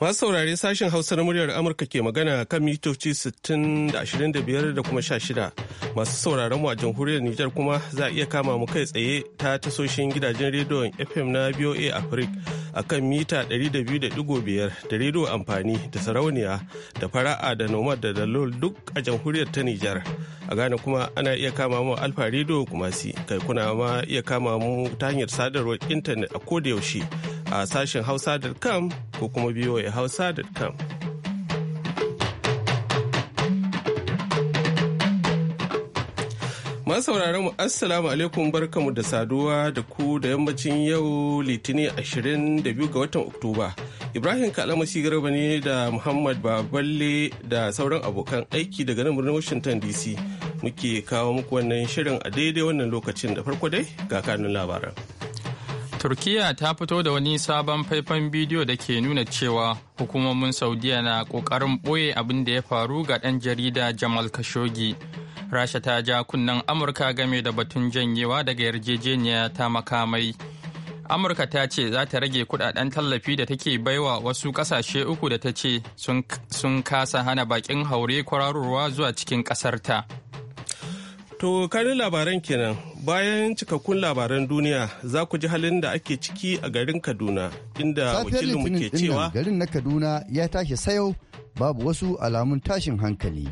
Masu saurare sashen Hausa na muryar Amurka ke magana kan mitoci 60 da 25 da kuma 16. Masu sauraron mu a jamhuriyar Nijar kuma za a iya kama mu kai tsaye ta tasoshin gidajen rediyon FM na BOA Africa a kan mita 200.5 da rediyo amfani da sarauniya da fara'a da nomad da dalol duk a jamhuriyar ta Nijar. A Ghana kuma ana iya kama mu Alfa rediyo kuma si kai kuna ma iya kama mu ta hanyar sadarwar intanet a koda yaushe. a sashen hausa.com ko kuma biyo a hausa.com. Masu sauraron mu assalamu alaikum barkamu da saduwa da ku da yammacin yau litinin 22 ga watan Oktoba. Ibrahim Kalamashi Garba ne da Muhammad Baballe da sauran abokan aiki daga nan birnin Washington DC. Muke kawo muku wannan shirin a daidai wannan lokacin da farko dai ga kanun labaran. Turkiya ta fito da wani sabon faifan bidiyo da ke nuna cewa hukumomin Saudiya na kokarin ɓoye abin da ya faru ga ɗan jarida Jamal Khashoggi. Rasha ta ja kunnen Amurka game da batun janyewa daga yarjejeniya ta makamai. amurka ta ce za ta rage kudaden tallafi da take baiwa wasu kasashe uku da ta ce sun kasa hana bakin haure kwararowa zuwa cikin kasarta. To kanin labaran kenan bayan cikakkun labaran duniya za ku ji halin da ake ciki a garin Kaduna inda wakilinmu ke cewa garin na Kaduna ya tashi sayau babu wasu alamun tashin hankali.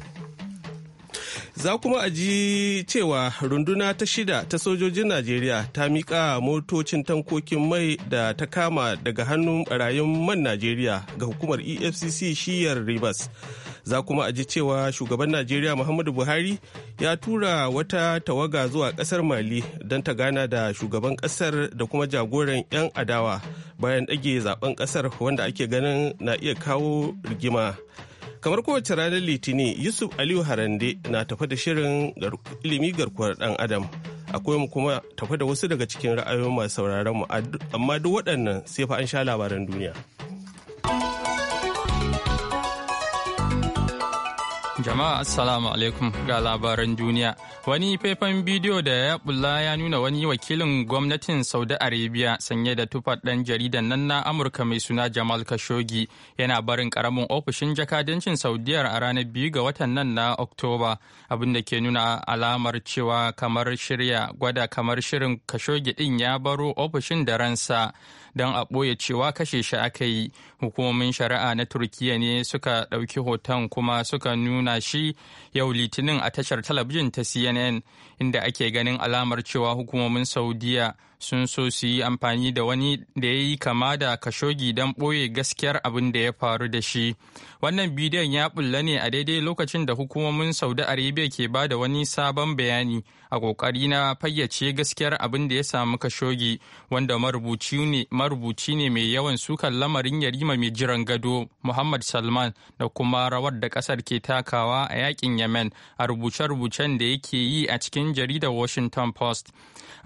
Za kuma a ji cewa runduna ta shida ta sojojin Najeriya ta miƙa motocin tankokin mai da ta kama daga hannun rayun man Najeriya ga hukumar EFCC shiyar Rivers. za kuma a ji cewa shugaban najeriya muhammadu buhari ya tura wata tawaga zuwa kasar mali don ta gana da shugaban kasar da kuma jagoran 'yan adawa bayan ɗage zaben kasar wanda ake ganin na iya kawo rigima kamar kowace ranar litinin yusuf aliyu harande na tafa da shirin ilimi garkuwar dan adam akwai mu kuma tafa da wasu daga cikin ra'ayoyin masu sauraron mu amma duk waɗannan sai fa an sha labaran duniya. Jama'a Assalamu alaikum ga labaran duniya. Wani faifan bidiyo da ya bulla ya nuna wani wakilin gwamnatin Saudi Arabia sanye da tufar ɗan jaridan nan na Amurka mai suna Jamal Khashoggi yana barin karamin ofishin jakadancin Saudiyar a ranar biyu ga watan nan na Oktoba abin da ke nuna alamar cewa kamar shirya gwada kamar shirin Khashoggi ɗin ya baro ofishin da ransa. don a ɓoye cewa kashe shi aka yi hukumomin shari'a na turkiyya ne suka ɗauki hoton kuma suka nuna shi yau litinin a tashar talabijin ta cnn inda ake ganin alamar cewa hukumomin saudiya sun so su yi amfani da wani da ya yi kama da kashogi don ɓoye gaskiyar abin da ya faru da shi wannan bidiyon ya bulla ne a daidai lokacin da hukumomin saudi arabia ke ba da wani sabon bayani a ƙoƙari na fayyace gaskiyar abin da ya samu kashogi wanda marubuci ne mai yawan sukan lamarin yarima mai jiran gado muhammad salman da kuma rawar da ƙasar ke takawa a yaƙin yemen a rubuce-rubucen da yake yi a cikin jaridar washington post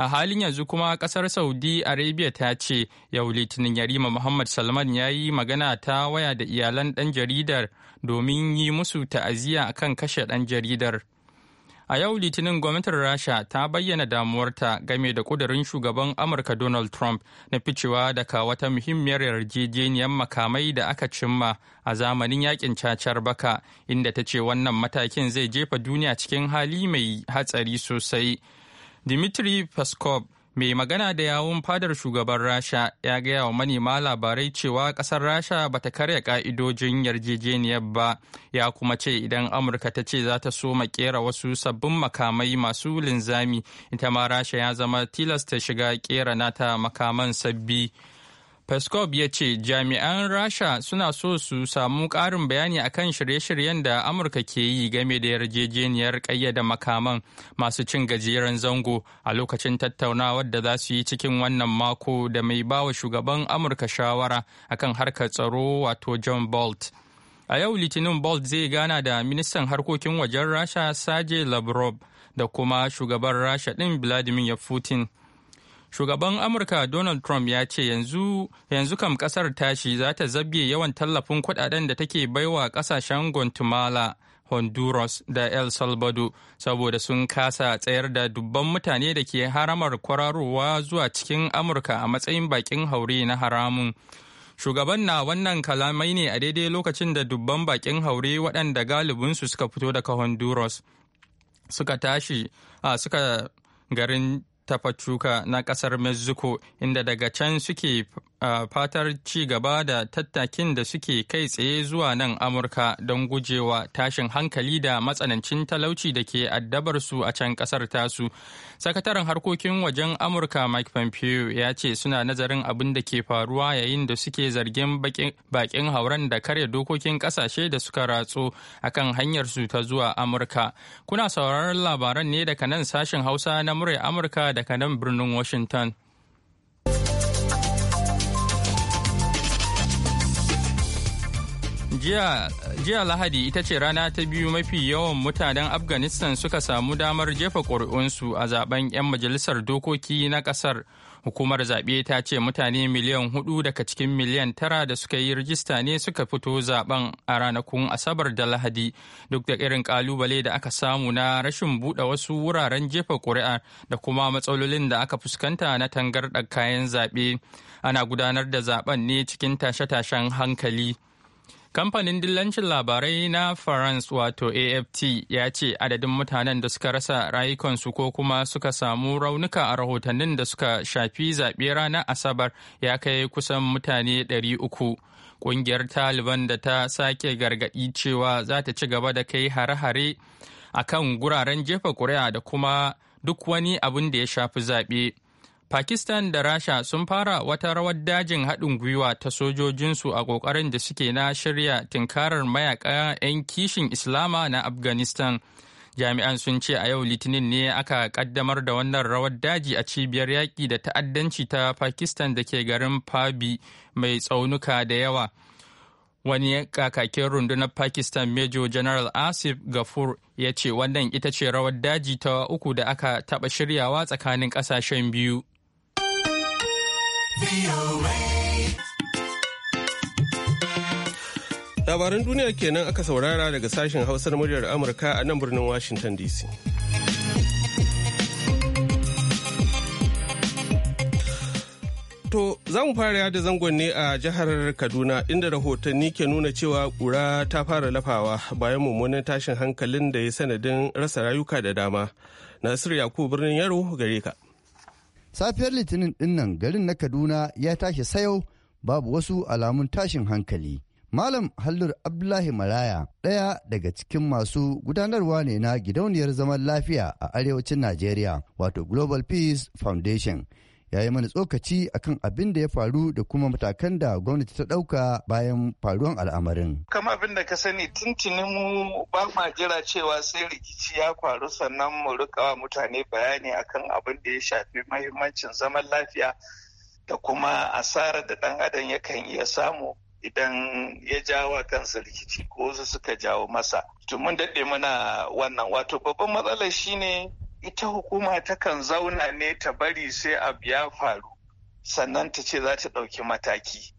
a halin yanzu kuma kasar saudi arabia ta ce yau litinin yarima muhammad salman ya yi magana ta waya da iyalan dan jaridar domin yi musu ta'aziyya kan kashe dan jaridar a yau litinin gwamnatin rasha ta bayyana damuwarta game da kudurin shugaban amurka donald trump na ficewa daga wata muhimmiyar yarjejeniyar makamai da aka cimma a zamanin yakin cacar baka inda ta ce wannan matakin zai jefa duniya cikin hali mai hatsari sosai dimitri Peskov mai magana da yawun fadar shugaban rasha ya gaya wa manema labarai cewa kasar rasha ba ta karya ka'idojin yarjejeniyar ba ya kuma ce idan amurka ta ce za ta soma kera wasu sabbin makamai masu linzami ita ma rasha ya zama tilasta shiga kera nata makaman sabbi Peskov ya ce jami'an Rasha suna so su samu ƙarin bayani akan shirye-shiryen da Amurka ke yi game da yarjejeniyar ƙayyada makaman masu cin gajeren zango a lokacin tattaunawar da za su yi cikin wannan mako da mai bawa shugaban Amurka shawara akan harkar tsaro wato John Bolt. A yau Litinin Bolt zai gana da ministan harkokin wajen Rasha Sergey Lavrov da kuma shugaban Rasha ɗin Vladimir Putin. shugaban amurka donald trump ya ce yanzu, yanzu kam kasar tashi za ta zabge yawan tallafin kudaden da take baiwa kasashen guatemala honduras da el salvador saboda sun kasa tsayar da dubban mutane da ke haramar kwararowa zuwa cikin amurka a matsayin bakin haure na haramun shugaban na wannan kalamai ne a daidai lokacin da dubban bakin haure waɗanda galibinsu suka fito daga honduras suka tashi a suka garin tapachuca na kasar mexico inda daga can suke a fatar ci gaba da tattakin da suke kai tsaye zuwa nan amurka don gujewa tashin hankali da matsanancin talauci da ke addabar su a can kasar tasu sakataren harkokin wajen amurka mike pompeo ya ce suna nazarin abin da ke faruwa yayin da suke zargin bakin hauren da karya dokokin kasashe da suka ratso akan hanyar su ta zuwa amurka kuna sauraron labaran ne daga nan sashen hausa na murai amurka daga nan birnin washington jiya lahadi ita ce rana ta biyu mafi yawan mutanen afghanistan suka samu damar jefa ƙuri'unsu a zaben 'yan majalisar dokoki na ƙasar hukumar zaɓe ta ce mutane miliyan hudu daga cikin miliyan tara da suka yi rijista ne suka fito zaben a ranakun asabar da lahadi duk da irin kalubale da aka samu na rashin buɗe wasu wuraren jefa ƙuri'a da kuma matsalolin da aka fuskanta na tangar kayan zaɓe ana gudanar da zaben ne cikin tashe-tashen hankali. Kamfanin dillancin labarai na France wato AFT ya ce adadin mutanen da suka rasa rayukansu ko kuma suka samu raunuka a rahotannin da suka shafi zaɓe ranar Asabar ya kai kusan mutane 300. Ƙungiyar Taliban da ta sake gargaɗi cewa za ta ci gaba da kai hare-hare a kan guraren jefa ƙuri'a da kuma duk wani abin da ya shafi zaɓe. Pakistan da Rasha sun fara wata rawar dajin haɗin gwiwa ta sojojinsu a ƙoƙarin da suke na shirya tinkarar mayaƙa 'yan kishin Islama na Afghanistan. Jami'an sun ce a yau Litinin ne aka ƙaddamar da wannan rawar daji a cibiyar yaƙi da ta'addanci ta Pakistan da ke garin Fabi mai tsaunuka da yawa. Wani kakakin rundunar Pakistan Major General Asif Gafur ya ce wannan ita ce rawar daji ta uku da aka taɓa shiryawa tsakanin ƙasashen biyu. Labaran duniya kenan aka saurara daga sashen hausar muryar Amurka a nan birnin Washington DC. To za mu fara yada zangon ne a jihar Kaduna inda rahotanni ke nuna cewa ƙura ta fara lafawa bayan mummunan tashin hankalin da ya sanadin rasa rayuka da dama. Nasiru Yakubu birnin Yaro gare ka. safiyar litinin dinnan garin na kaduna ya tashi sayo babu wasu alamun tashin hankali malam hallur abdullahi maraya ɗaya daga cikin masu gudanarwa ne na gidauniyar zaman lafiya a arewacin najeriya wato global peace foundation ya yi mana tsokaci akan abin da ya faru da kuma matakan da gwamnati ta ɗauka bayan faruwan al'amarin. Kama abin da ka sani tuntuni mu ba ma jira cewa sai rikici ya faru sannan mu wa mutane bayani akan abin da ya shafi mahimmancin zaman lafiya da kuma asarar da ɗan adam yakan iya samu idan ya jawa kansa rikici ko wasu suka jawo masa. Tumun daɗe mana wannan wato babban matsalar shine ita hukuma takan zauna ne ta bari sai abu ya faru sannan ta ce za ta ɗauki mataki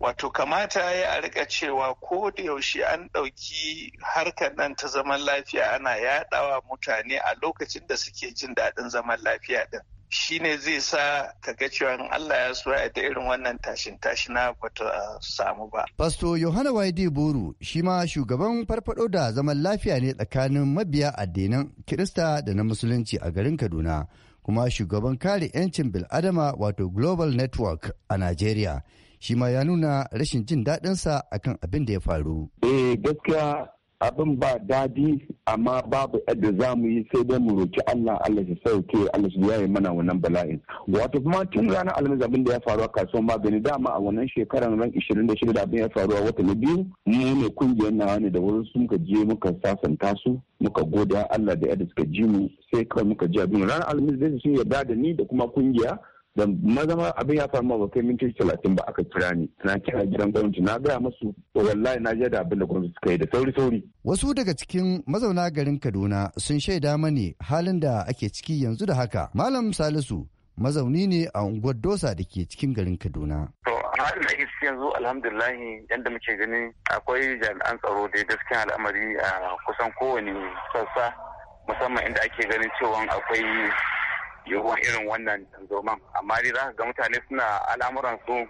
wato kamata ya a rika cewa ko da yaushe an ɗauki harkar nan ta zaman lafiya ana yaɗawa mutane a lokacin da suke jin daɗin zaman lafiya ɗin Shi ne zai sa ka ga cewa in Allah ya so da irin wannan tashin tashina ba ta samu ba. Pasto Yohana Waide Boru shi ma shugaban farfado da zaman lafiya ne tsakanin mabiya addinan Kirista da na Musulunci a garin Kaduna kuma shugaban kare 'yancin bil'adama wato Global Network a Najeriya. shima ya nuna rashin jin daɗinsa akan abin da ya faru. Eh gaskiya abin ba dadi amma babu yadda za mu yi sai dai mu roki Allah Allah ya sauke Allah ya yi mana wannan bala'in wato kuma tun ranar alhamis abin da ya faru a kasuwar magani dama a wannan shekarar ran 26 da abin ya faru a wata na biyu mu ne kungiyar nawa ne da wurin sun ka je muka sasanta su muka goda Allah da yadda suka ji mu sai kawai muka ji abin ranar alhamis dai sun ya da ni da kuma kungiya da mazama abin ya faru ba kai minti talatin ba aka kira ni na kira gidan gwamnati na gaya masu. to wallahi na je da abin da gwamnati suka yi da sauri sauri wasu daga cikin mazauna garin Kaduna sun shaida mani halin da ake ciki yanzu da haka malam Salisu mazauni ne a unguwar Dosa da ke cikin garin Kaduna to halin da ake yanzu alhamdulahi yadda muke gani akwai jami'an tsaro da gaskiya al'amari a kusan kowane sassa musamman inda ake ganin cewa akwai yiwuwar irin wannan tanzoman amma dai za ga mutane suna al'amuran su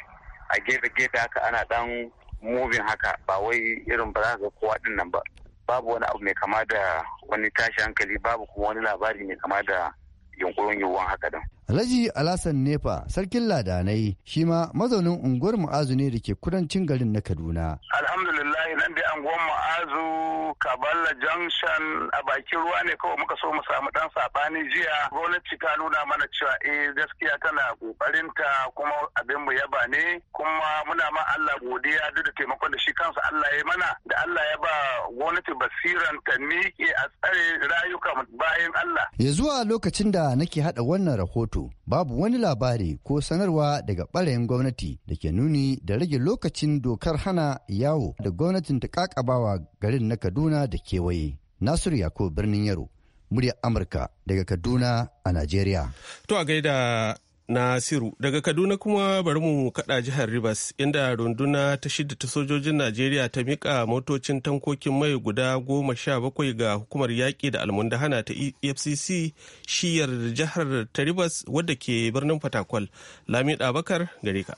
a gefe-gefe haka ana dan mubin haka ba wai irin ba za ka ga kowa din nan ba babu wani abu mai kama da wani tashi hankali babu kuma wani labari mai kama da yunkurin yiwuwan haka din. Alhaji Alasan Nefa sarkin ladanai shi ma mazaunin unguwar Mu'azu ne da ke kudancin garin na Kaduna. Alhamdulillah nan dai unguwar Mu'azu Kaballa Junction a bakin ruwa ne kawai muka so mu samu dan sabani jiya gwamnati ta nuna mana cewa eh gaskiya tana kokarin ta kuma abin mu yaba ne kuma muna ma Allah godiya duk da taimakon da shi kansa Allah ya mana da Allah ya ba gwamnati basiran ta miƙe a tsare rayuka bayan Allah. Ya zuwa lokacin da nake hada wannan rahoto babu wani labari ko sanarwa daga ɓarayin gwamnati da ke nuni da rage lokacin dokar hana yawo da gwamnatin ta kakabawa garin na kaduna da kewaye nasiru yakubu birnin yaro muryar amurka daga kaduna a najeriya to a gaida Nasiru daga Kaduna kuma bari mu kada jihar Rivers inda runduna ta shida ta sojojin Najeriya ta mika motocin tankokin mai guda goma sha bakwai ga hukumar yaƙi da almundahana ta EFCC shiyar jihar ta Rivers wadda ke birnin Fatakwal. Lami bakar gare ka.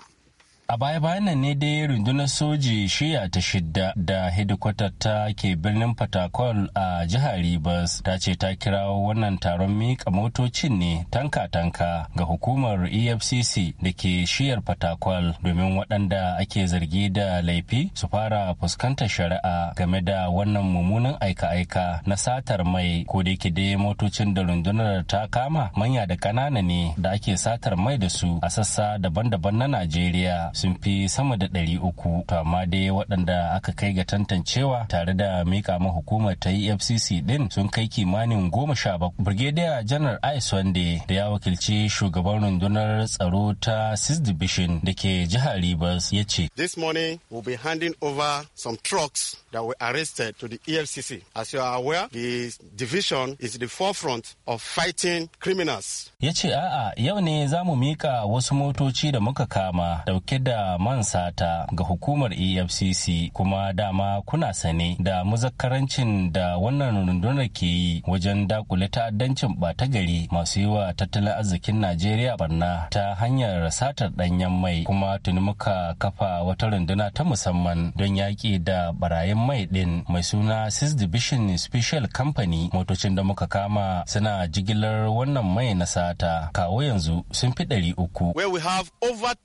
A baya-bayan nan ne dai rundunar soji shiya ta shidda da hedikwatar ta ke birnin Fatakol a jihar Ribas ta ce ta kira wannan taron mika motocin ne tanka-tanka ga hukumar EFCC da ke shiyar Fatakwal domin waɗanda ake zargi da laifi su fara fuskantar shari'a game da wannan mummunan aika-aika na satar mai ko da dai motocin da rundunar ta kama manya da ƙanana ne da ake satar mai da su a sassa daban-daban na Najeriya. sun fi sama da ɗari uku to amma dai waɗanda aka kai ga tantancewa tare da mika ma hukumar ta efcc din sun kai kimanin goma sha bakwai brigadier janar ice wande da ya wakilci shugaban rundunar tsaro ta sis division da ke jihar rivers ya ce this morning we'll be handing over some trucks that were arrested to the efcc as you are aware the division is the forefront of fighting criminals ya ce a'a yau ne za mu mika wasu motoci da muka kama dauke da man sata ga hukumar efcc kuma dama kuna sane da muzakkarancin da wannan rundunar ke yi wajen dakule ta'addancin ɓata gari masu yi wa tattalin arzikin najeriya barna ta hanyar satar ɗanyen mai kuma tuni muka kafa wata runduna ta musamman don yaƙi da barayin mai ɗin mai suna sis division special company motocin da muka kama suna jigilar wannan mai na sata kawo yanzu sun fi ɗari uku. where we have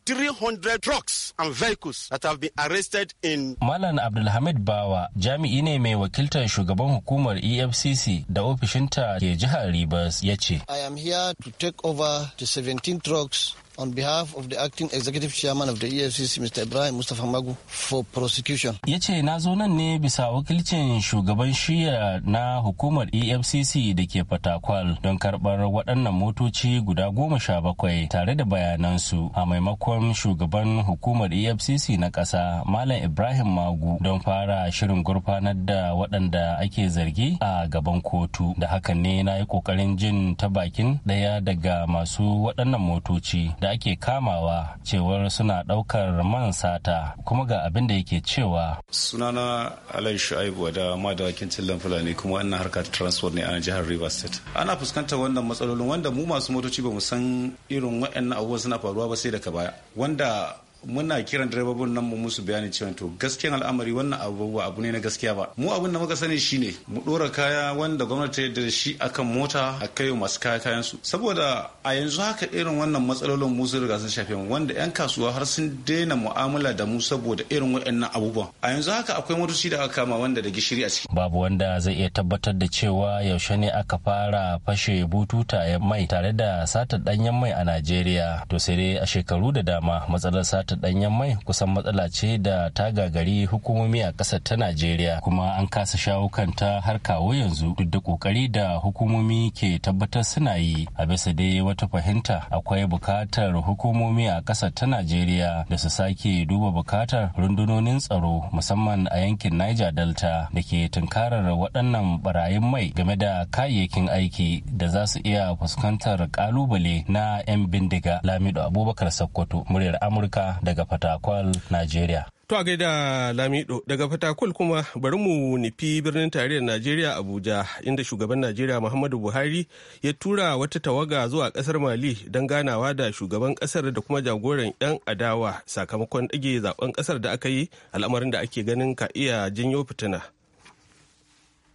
300 trucks and vehicles that have been arrested in. Malam Abdulhamid Bawa jami'i ne mai wakiltar shugaban hukumar EFCC da ofishinta ke jihar Rivers ya ce. I am here to take over the 17 trucks on behalf of the acting executive chairman of the EFCC Mr. Ibrahim Mustafa Magu for prosecution. Ya ce na zo nan ne bisa wakilcin shugaban shiya na hukumar EFCC da ke Fatakwal don karbar waɗannan motoci guda goma sha bakwai tare da bayanansu a maimakon shugaban hukumar EFCC na ƙasa Malam Ibrahim Magu don fara shirin gurfanar da waɗanda ake zargi a gaban kotu da hakan ne na yi ƙoƙarin jin ta bakin ɗaya daga masu waɗannan motoci da ake kamawa cewar suna ɗaukar man sata kuma ga abin da yake cewa. Sunana Alai Shu'aibu da madawakin Tillan Fulani kuma ana harkar transport ne a jihar Rivers State. Ana fuskantar wannan matsalolin wanda mu masu motoci ba mu san irin waɗannan abubuwan suna faruwa ba sai daga baya. Wanda muna kiran direbobin nan mu musu bayani cewa to gaskiyan al'amari wannan abubuwa abu ne na gaskiya ba mu abin da muka sani shine mu dora kaya wanda gwamnati da shi akan mota a kai masu kaya kayan su saboda a yanzu haka irin wannan matsalolin mu sun riga sun shafe mu wanda yan kasuwa har sun daina mu'amala da mu saboda irin waɗannan abubuwa a yanzu haka akwai motoci da aka kama wanda da gishiri a ciki babu wanda zai iya tabbatar da cewa yaushe ne aka fara fashe bututa mai tare da satar danyen mai a Najeriya to sai dai a shekaru da dama matsalar satar ɗanyen mai kusan matsala ce da ta gagari hukumomi a ƙasar ta najeriya kuma an kasa shawo kanta har kawo yanzu duk da ƙoƙari da hukumomi ke tabbatar suna yi a bisa dai wata fahimta akwai bukatar hukumomi a ƙasar ta najeriya da su sake duba bukatar rundunonin tsaro musamman a yankin niger delta da ke tunkarar waɗannan barayin mai game da kayayyakin aiki da za su iya fuskantar ƙalubale na 'yan bindiga lamido abubakar sakkwato muryar amurka daga Fatakwal, Najeriya. To a gaida Lamido daga Fatakwal kuma bari mu nufi birnin tarayyar Najeriya Abuja inda shugaban Najeriya Muhammadu Buhari ya tura wata tawaga zuwa kasar Mali don ganawa da shugaban kasar da kuma jagoran 'yan adawa sakamakon ɗage zaben kasar da aka yi al'amarin da ake ganin ka iya janyo fitina.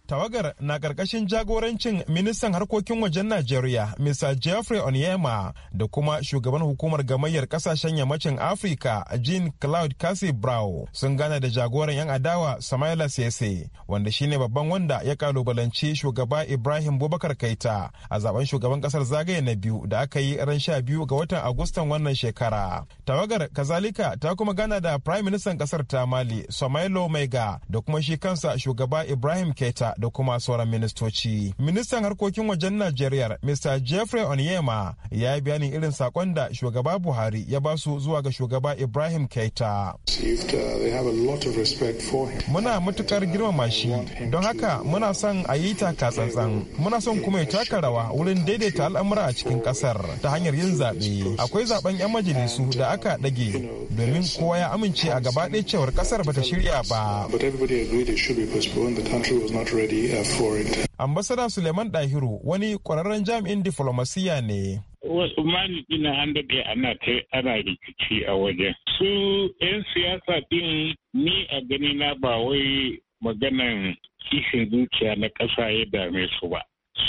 Tawagar na ƙarƙashin jagorancin ministan harkokin wajen Najeriya, Mr. Jeffrey Onyema, da kuma shugaban hukumar gamayyar ƙasashen yammacin Afirka, Jean Claude Cassie Brown, sun gana da jagoran 'yan adawa Samaila Sese, wanda shine babban wanda ya kalubalanci shugaba Ibrahim Bubakar Kaita a zaben shugaban ƙasar zagaye na biyu da aka yi ran sha biyu ga watan Agustan wannan shekara. Tawagar kazalika ta kuma gana da Prime minister ƙasar ta Mali, Samailo Mega, da kuma shi kansa shugaba Ibrahim keta. da kuma sauran ministoci. Ministan harkokin wajen Najeriya Mr. Jeffrey Onyema ya yi bayanin irin sakon da shugaba Buhari ya ba su zuwa ga shugaba Ibrahim Keita. Muna matukar girmama shi don haka muna son a yi taka tsantsan. Muna son kuma ya taka rawa wurin daidaita al'amura a cikin kasar ta hanyar yin zaɓe. Akwai zaɓen 'yan majalisu da aka ɗage domin kowa ya amince a gaba ɗaya cewar kasar bata shirya ba. already uh, for it. Ambassador Suleiman Dahiru wani ƙwararren jami'in diflomasiyya ne. Wasu mani ina an daɗe ana rikici a wajen. Su 'yan siyasa ɗin ni a gani na ba wai maganan kishin zuciya na ƙasa ya dame su ba.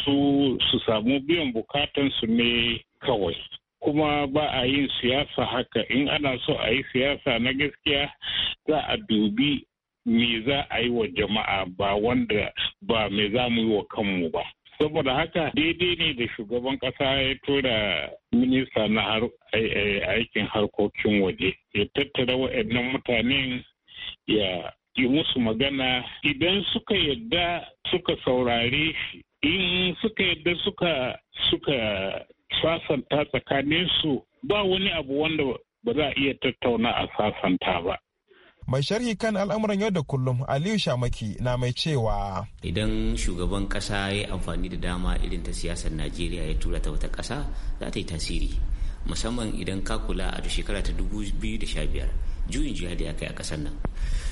Su su samu biyan bukatansu ne kawai. kuma ba a yin siyasa haka in ana so a yi siyasa na gaskiya za a dubi me za a yi wa jama'a ba wanda ba me za mu yi wa kanmu ba. Saboda haka daidai ne da shugaban ƙasa ya tura minista na eh, eh, aikin harkokin waje ya tattara waɗannan mutanen ya yi musu magana idan suka yadda suka saurare shi in suka yadda suka suka sasanta tsakaninsu ba wani abu wanda ba za a iya tattauna a sasanta ba mai sharhi kan al'amuran yau da kullum aliyu shamaki na mai cewa idan shugaban kasa ya amfani da dama irin ta siyasar najeriya ya tura ta wata kasa za ta yi tasiri musamman idan ka kula a shekara ta 2015 juyin jihadi ya kai a kasar nan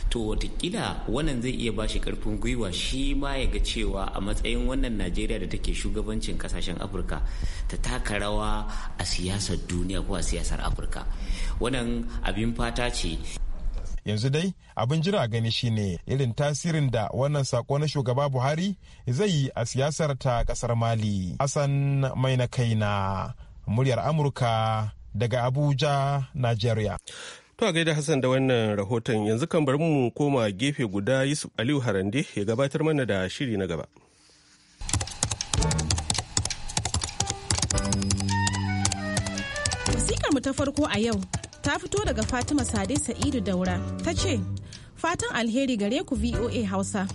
to watakila wannan zai iya bashi karfin gwiwa shi ma ya ga cewa a matsayin wannan najeriya da take shugabancin kasashen afirka ta taka rawa a siyasar duniya ko a siyasar afirka wannan abin fata ce yanzu dai abin jira gani shine irin tasirin da wannan sako na shugaba buhari zai yi a siyasar ta kasar mali hassan mai na kai na muryar amurka daga abuja nigeria To gaida Hassan da wannan rahoton yanzu kan bari mu koma gefe guda Yusuf Aliyu Harande ya gabatar mana da shiri na gaba. wasiƙar mu ta farko a yau ta fito daga Fatima Sade Sa'idu Daura ta ce, Fatan alheri gare ku VOA Hausa.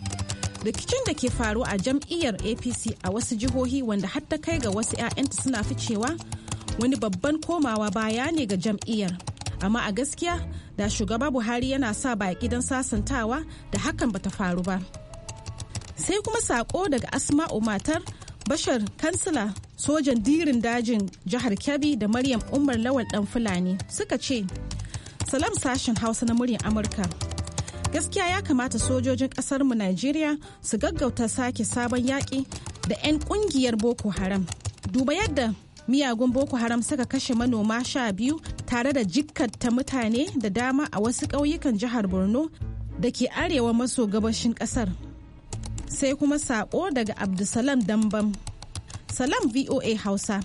Rikicin da ke faru a jam'iyyar APC a wasu jihohi wanda har ta kai ga wasu 'ya'yanta suna ficewa wani babban komawa baya ne ga jam'iyyar. Amma a gaskiya da shugaba Buhari yana sa baki don sasantawa da hakan bata faru ba. Sai kuma sako daga Asma'u matar Bashar kansila sojan dirin dajin jihar Kebbi da Maryam Umar Lawal dan Fulani suka ce, Salam sashen Hausa na muryar Amurka. Gaskiya ya kamata sojojin mu Najeriya su gaggauta sake sabon yaƙi da 'yan ƙungiyar Boko Haram. Duba yadda miyagun Boko Haram suka kashe manoma sha biyu tare da jikkata mutane da dama a wasu ƙauyukan jihar Borno da ke arewa maso gabashin ƙasar. sai kuma sako daga abdulsalam dambam salam voa hausa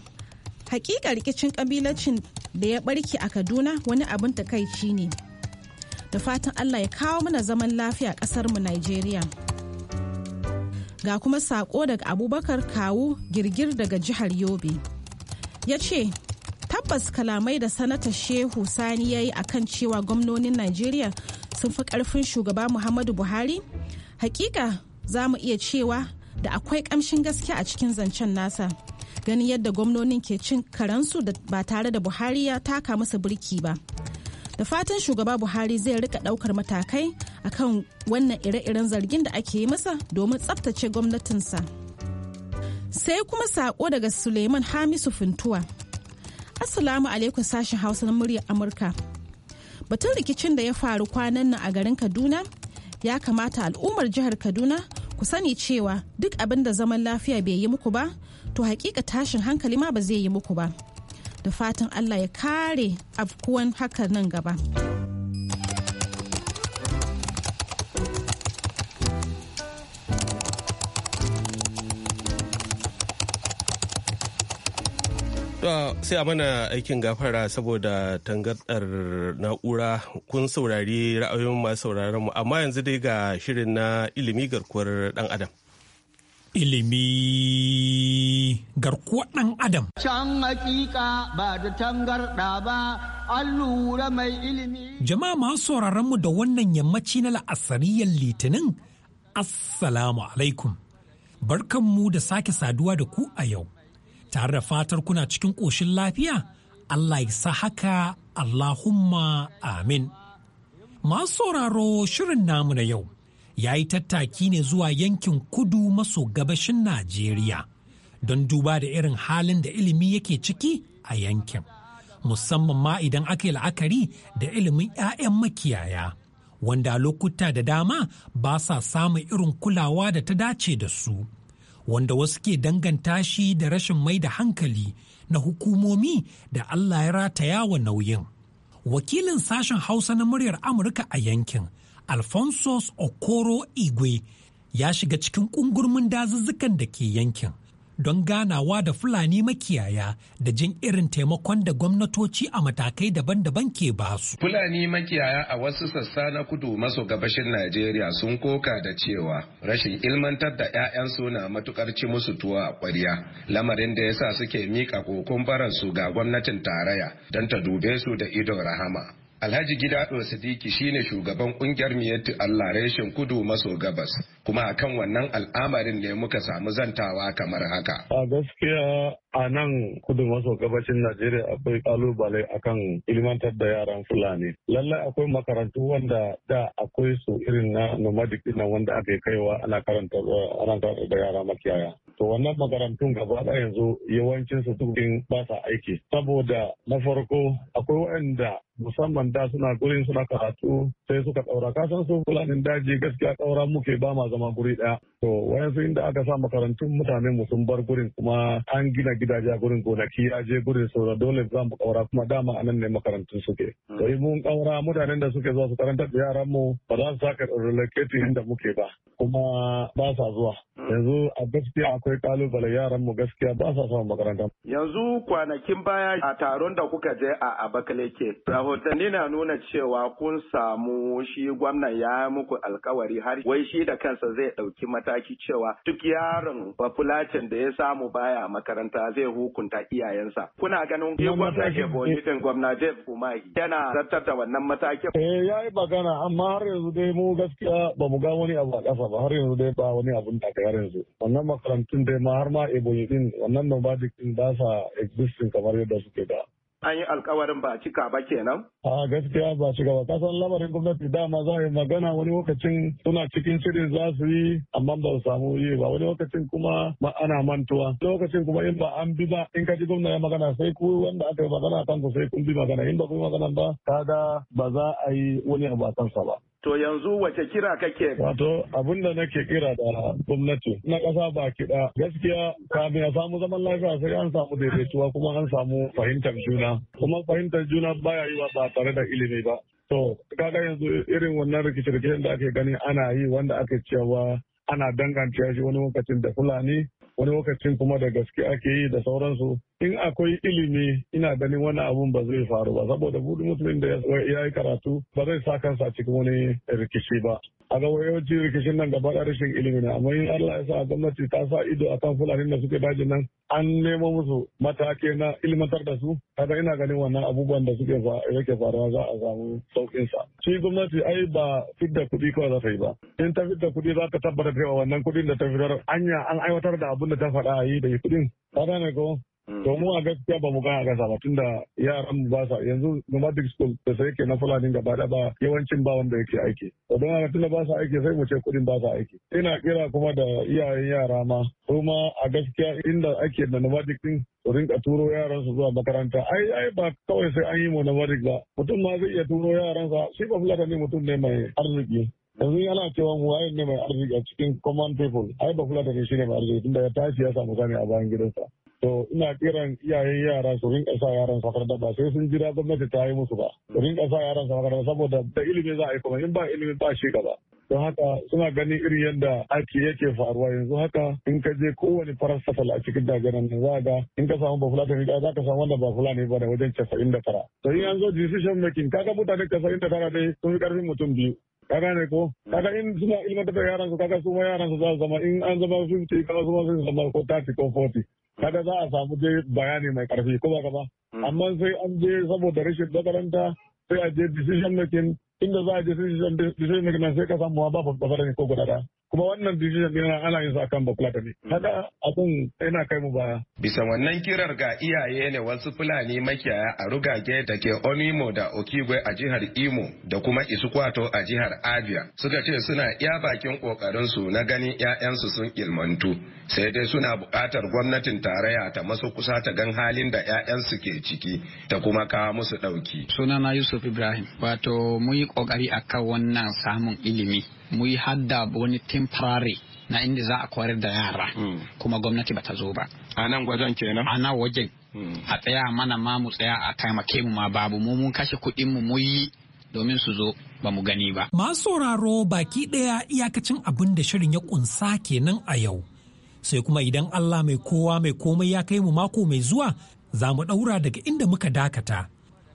hakika rikicin kabilacin da ya barke a kaduna wani abin takaici ne da fatan allah ya kawo mana zaman lafiya mu nigeria ga kuma sako daga abubakar kawu girgir daga jihar yobe ya ce tabbas kalamai da sanata shehu sani ya yi a kan cewa gwamnonin najeriya sun fi karfin shugaba muhammadu buhari hakika za mu iya cewa da akwai ƙamshin gaske a cikin zancen nasa ganin yadda gwamnonin ke cin karansu ba tare da buhari ya taka masa birki ba da fatan shugaba buhari zai rika daukar matakai akan wannan ire-iren zargin da ake yi masa domin tsabtace gwamnatinsa sai kuma sako daga suleiman hamisu fintuwa assalamu alaikum sashen hausa na muryar amurka batun rikicin da ya faru kwanan nan a garin kaduna ya kamata al'ummar jihar kaduna ku sani cewa duk abin da zaman lafiya bai yi muku ba to hakika tashin hankali ma ba zai yi muku ba da fatan allah ya kare afkuwan hakan nan gaba. sai a mana aikin gafara saboda tangaɗar na'ura kun saurari ra'ayoyin masu sauraron mu amma yanzu dai ga shirin na ilimi garkuwar ɗan adam ilimi garkuwar ɗan adam can hakika ba da tangarɗa ba an lura mai ilimi jama'a masu sauraron mu da wannan yammaci na la'asariyar litinin assalamu alaikum barkanmu da sake saduwa da ku a yau tare da fatar kuna cikin ƙoshin lafiya Allah ya sa haka Allahumma amin. Masu sauraro shirin namu na yau ya yi tattaki ne zuwa yankin kudu maso gabashin Najeriya don duba da irin halin da ilimi yake ciki a yankin. Musamman ma idan aka yi la'akari da ilimin 'ya'yan makiyaya, wanda lokuta da dama ba sa samun irin kulawa da ta dace da su. wanda wasu ke danganta shi da rashin mai da hankali na hukumomi da Allah ya rataya wa nauyin. Wakilin sashen Hausa na muryar Amurka a yankin, Alphonsus Okoro Igwe, ya shiga cikin ƙungurmin dazuzzukan da ke yankin. don ganawa da Fulani makiyaya da jin irin taimakon da gwamnatoci a matakai daban-daban ke ba su. Fulani makiyaya a wasu sassa na kudu maso gabashin Najeriya sun koka da cewa rashin ilmantar da 'ya'yansu na matukar ci musu tuwa a ƙwarya, lamarin da ya sa suke mika kokon baransu ga gwamnatin tarayya don ta dube su da ido rahama. Alhaji Gidado Sidiki shine shugaban kungiyar Miyatti Allah reshen kudu maso gabas kuma akan wannan al'amarin ne muka samu zantawa kamar haka. A gaskiya a nan kudu maso gabashin Najeriya akwai kalubale akan ilimantar da yaran Fulani. Lallai akwai makarantu wanda da akwai su irin na nomadic na wanda ake kaiwa ana karanta da yara makiyaya. To wannan makarantun gaba da yanzu yawancin su dukkan ba aiki saboda na farko akwai waɗanda musamman da suna gurin suna karatu sai suka ɗaura kasan su fulanin daji gaskiya ɗaura muke ba ma zama guri ɗaya To wayansu inda aka sa makarantun mutanen mu sun bar gurin kuma an gina gidaje a gurin gonaki ya je gurin sauran dole za mu kaura kuma dama anan ne makarantun suke. To hmm. yi mun kaura mutanen da suke zuwa su karanta da yaran mu ba za su saka relocate inda muke ba kuma ba sa zuwa. Hmm. Yanzu a gaskiya akwai kalubale yaran mu gaskiya ba sa samun makaranta. Yanzu kwanakin baya a taron da kuka je a Abakaleke rahotanni na nuna cewa kun samu shi gwamnan ya muku alkawari har wai shi da kansa zai ɗauki mata mataki cewa duk yaron bafulacin da ya samu baya makaranta zai hukunta iyayensa. Kuna ganin ke gwamna Ebonyi din gwamna Jeff Kumahi yana zartar da wannan matakin. Eh ya yi magana amma har yanzu dai mu gaskiya ba mu ga wani abu a ƙasa ba har yanzu dai ba wani abu da ka yanzu. Wannan makarantun dai ma har ma Ebonyi din wannan nomadic din ba sa existing kamar yadda suke da. an yi alkawarin ba a cika ba kenan? A gaskiya ba cika ba. Kasan lamarin gwamnati dama za a yi magana wani lokacin suna cikin shirin za su yi amma ba su samu yi ba. Wani lokacin kuma ba ana mantuwa. Lokacin kuma in ba an bi ba in ka ji gwamna ya magana sai ku wanda aka yi magana kan ku sai kun bi magana in ba ku yi magana ba kada ba za a yi wani abu a kansa ba. To yanzu wace kira kake? Wato abin da nake kira da gwamnati na ƙasa ba kiɗa gaskiya kafin a samu zaman lafiya sai an samu daidaituwa kuma an samu fahimtar juna. Kuma fahimtar juna baya yi ba tare da ilimi ba. To kaga yanzu irin wannan rikice-rikicen da ake gani ana yi wanda ake cewa ana danganta shi wani lokacin da Fulani wani lokacin kuma da gaske ake yi da sauransu. in akwai ilimi ina ganin wani abun ba zai faru ba saboda budu musulmin da ya yi karatu ba zai sa kansa cikin wani rikici ba a ga yawancin rikicin nan gaba da rashin ilimi ne amma in Allah ya sa gwamnati ta sa ido akan fulani da suke daji nan an nemo musu matake na ilmantar da su kaga ina ganin wannan abubuwan da suke yake faruwa za a samu saukin sa shi gwamnati ai ba fidda kuɗi kawai za ta yi ba in ta fidda kuɗi za ta tabbatar cewa wannan kuɗin da ta fitar anya an aiwatar da abin da ta faɗa a yi da kuɗin kada ne ko Mm. to mu a gaskiya ba mu a gasa ba tun da yaran mu ba sa yanzu nomadic school da sai yake na fulani gaba da ba yawancin ba wanda yake aiki to don haka da ba sa aiki sai mu ce kudin ba sa aiki ina kira kuma da iyayen yara ma su ma a gaskiya inda ake da nomadic din su rinka turo yaran su zuwa makaranta ai ai ba kawai sai an yi mu nomadic ba mutum ma zai iya turo yaran yaransa shi ba fulani mutum ne mai arziki yanzu yana cewa mu waye ne mai arziki a cikin common people ai ba fulata ne shi ne mai arziki da ya tashi ya samu sani a bayan gidansa to ina kiran iyayen yara su rinka sa yaran su makaranta ba sai sun jira gwamnati ta yi musu ba su rinka sa yaran su makaranta saboda da ilimi za a yi kuma in ba ilimi ba shi gaba don haka suna ganin irin yadda ake yake faruwa yanzu haka in ka je kowane farasafal a cikin daganan nan za ga in ka samu bafula ta nika za ka samu wanda bafula ne ba da wajen casa'in da tara to in an zo decision making ga mutane casa'in da tara dai sun yi karfin mutum biyu kaga ne ko kaga in suna ilmantar da yaran su kaga su ma yaran su za su zama in an zama 50 kaga su ma su zama ko 30 ko 40 kada za a samu dai bayani mai karfi kuma ba ba hmm. amma sai an je saboda rashin makaranta sai a je decision making inda za a je decision making sai ka samu ba ba ne ko guda kuma wannan decision din ana yin su akan bakulata ne haka mm. abin yana kai mu ba bisa wannan kirar ga iyaye ne wasu fulani makiyaya a rugage da ke onimo da okigwe a jihar imo da kuma isukwato a jihar abia suka ce suna iya bakin kokarin su na ganin ƴaƴansu sun ilmantu sai dai suna buƙatar gwamnatin tarayya ta masu kusa ta gan halin da ƴaƴansu ke ciki ta kuma kawo musu ɗauki sunana yusuf ibrahim wato mun yi ƙoƙari akan wannan samun ilimi mu yi hadda wani temporary na inda za a koyar da yara hmm. kuma gwamnati bata zo ba a nan ke kenan a nan wajen hmm. a tsaya mana ma mu tsaya a taimake mu ma babu mu mun kashe kuɗin mu mu yi domin su zo ba mu gani ba masu sauraro baki ɗaya iyakacin abin da shirin ya kunsa kenan a yau sai kuma idan Allah mai kowa mai komai ya kai mu mako mai zuwa za mu ɗaura daga inda muka dakata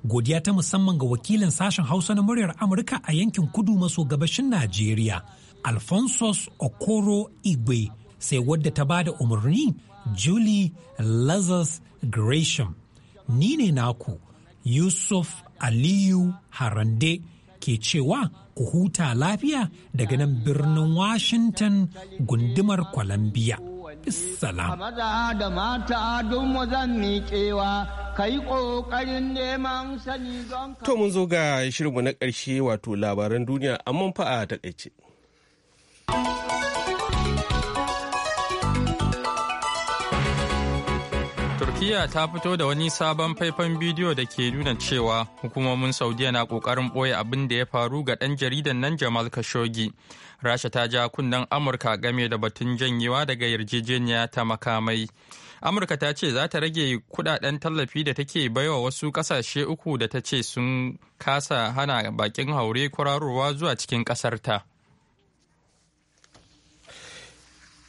godiya ta musamman ga wakilin sashen hausa na muryar amurka a yankin kudu maso gabashin najeriya alphonsus okoro igwe sai wadda ta ba da umarni julie lazarus gresham ni ne naku yusuf aliyu harande ke cewa ku huta lafiya daga nan birnin washington gundumar columbia Bissalam. A maza da mata don wazan miƙewa, ka yi ƙoƙarin neman sani don ka. To mun zo ga shirinmu na ƙarshe wato labaran duniya, amma fa a taƙaice. Turkiya ta fito da wani sabon faifan bidiyo da ke nuna cewa hukumomin Saudiya na ƙoƙarin ɓoye abin da ya faru ga ɗan jaridan nan Jamal Khashoggi. Rasha ta ja kunnen Amurka game da batun janyewa daga yarjejeniya ta makamai. Amurka ta ce za ta rage kudaden tallafi da take baiwa wasu ƙasashe uku da ta ce sun kasa hana bakin haure kwararowa zuwa cikin ƙasarta.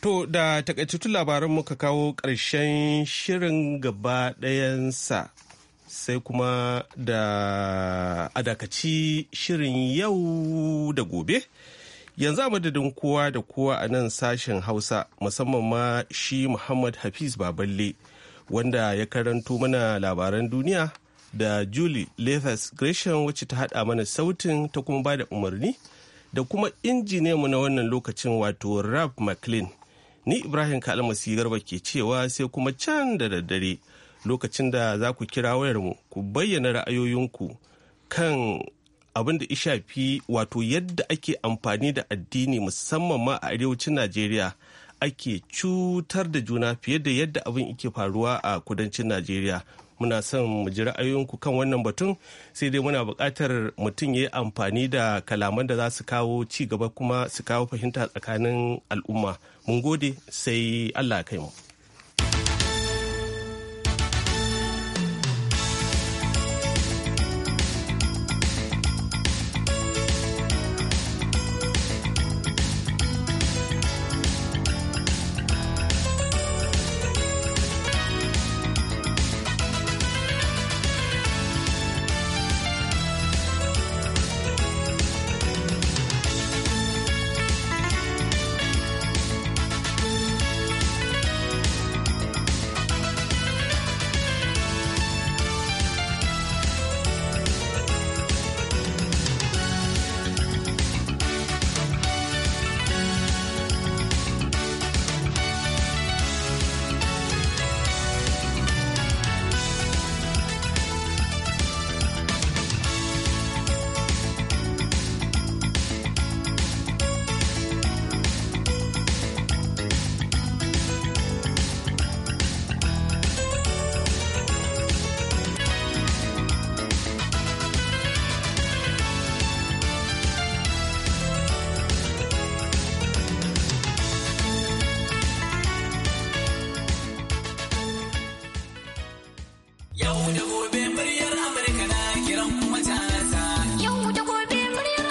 To da takaitattun labaran muka kawo ƙarshen shirin gaba ɗayansa sai kuma da adakaci shirin yau da gobe. Yanzu a madadin kowa da kowa a nan sashen Hausa musamman ma shi Muhammad Hafiz Baballe wanda ya karanto mana labaran duniya da Julie Lathas Gresham wacce ta haɗa mana sautin ta kuma bada umarni da kuma injiniyanmu na wannan lokacin wato Ralph McLean. Ni Ibrahim Kalmasi Garba ke cewa sai kuma can da daddare lokacin da za ku kira wayarmu ku bayyana ra'ayoyinku kan abin da shafi wato yadda ake amfani da addini musamman ma a arewacin Najeriya ake cutar da juna fiye da yadda abin ake faruwa a kudancin Najeriya muna son mu ji ra'ayoyinku kan wannan batun sai dai muna buƙatar mutum ya yi amfani da kalaman da za su kawo ci gaba kuma su kawo fahimta tsakanin al'umma mun gode sai allah kai mu